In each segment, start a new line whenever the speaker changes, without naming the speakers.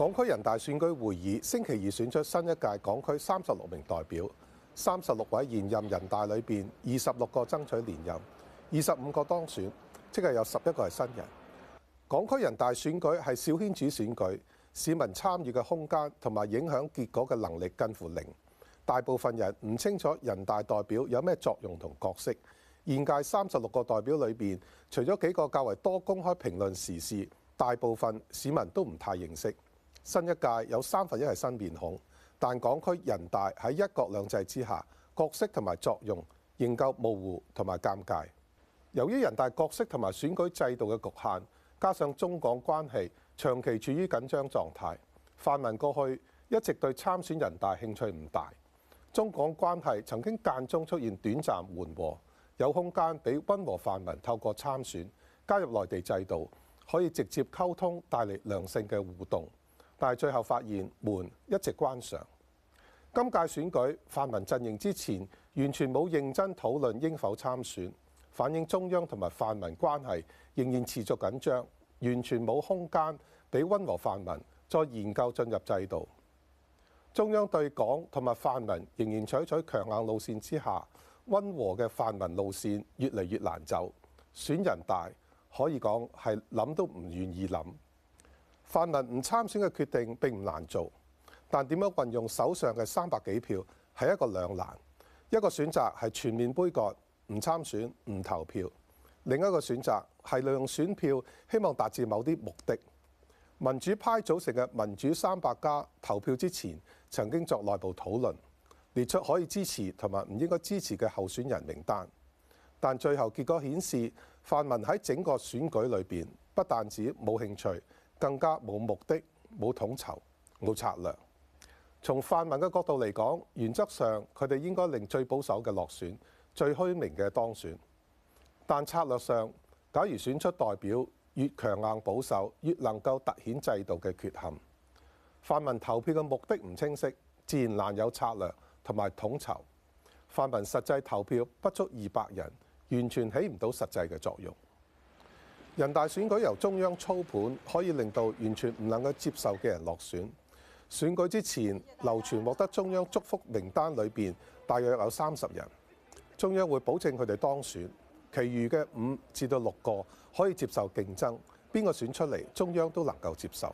港區人大選舉會議星期二選出新一屆港區三十六名代表，三十六位現任人大裏面，二十六個爭取連任，二十五個當選，即係有十一個係新人。港區人大選舉係小圈子選舉，市民參與嘅空間同埋影響結果嘅能力近乎零。大部分人唔清楚人大代表有咩作用同角色。現屆三十六個代表裏面，除咗幾個較為多公開評論時事，大部分市民都唔太認識。新一屆有三分一係新面孔，但港區人大喺一國兩制之下角色同埋作用仍舊模糊同埋尷尬。由於人大角色同埋選舉制度嘅局限，加上中港關係長期處於緊張狀態，泛民過去一直對參選人大興趣唔大。中港關係曾經間中出現短暫緩和，有空間俾温和泛民透過參選加入內地制度，可以直接溝通，帶嚟良性嘅互動。但係最後發現門一直關上。今屆選舉泛民陣營之前完全冇認真討論應否參選，反映中央同埋泛民關係仍然持續緊張，完全冇空間俾温和泛民再研究進入制度。中央對港同埋泛民仍然採取，取強硬路線之下，温和嘅泛民路線越嚟越難走。選人大可以講係諗都唔願意諗。泛民唔參選嘅決定並唔難做，但點樣運用手上嘅三百幾票係一個兩難。一個選擇係全面杯葛，唔參選，唔投票；另一個選擇係利用選票，希望達至某啲目的。民主派組成嘅民主三百加投票之前曾經作內部討論，列出可以支持同埋唔應該支持嘅候選人名單，但最後結果顯示，泛民喺整個選舉裏面不但止冇興趣。更加冇目的、冇統籌，冇策略。從泛民嘅角度嚟講，原則上佢哋應該令最保守嘅落選，最虛名嘅當選。但策略上，假如選出代表越強硬保守，越能夠凸顯制度嘅缺陷。泛民投票嘅目的唔清晰，自然難有策略同埋統籌。泛民實際投票不足二百人，完全起唔到實際嘅作用。人大選舉由中央操盤，可以令到完全唔能夠接受嘅人落選。選舉之前流傳獲得中央祝福名單裏面大約有三十人，中央會保證佢哋當選。其餘嘅五至到六個可以接受競爭，邊個選出嚟，中央都能夠接受。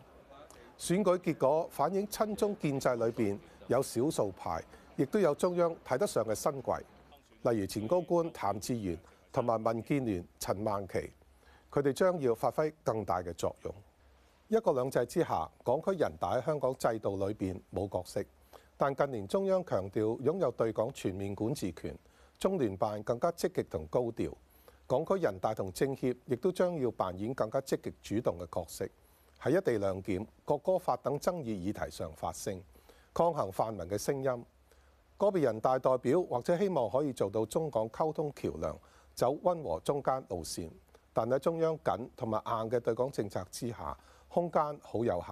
選舉結果反映親中建制裏面有少數派，亦都有中央睇得上嘅新貴，例如前高官譚志源同埋民建聯陳曼琪。佢哋將要發揮更大嘅作用。一國兩制之下，港區人大喺香港制度裏邊冇角色，但近年中央強調擁有對港全面管治權，中聯辦更加積極同高調，港區人大同政協亦都將要扮演更加積極主動嘅角色，喺一地兩檢、國歌法等爭議議題上發聲，抗衡泛民嘅聲音。個別人大代表或者希望可以做到中港溝通橋梁，走溫和中間路線。但喺中央緊同埋硬嘅對港政策之下，空間好有限，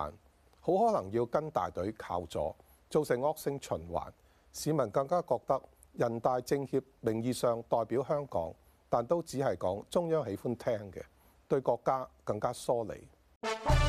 好可能要跟大隊靠左，造成惡性循環。市民更加覺得人大政協名義上代表香港，但都只係講中央喜歡聽嘅，對國家更加疏離。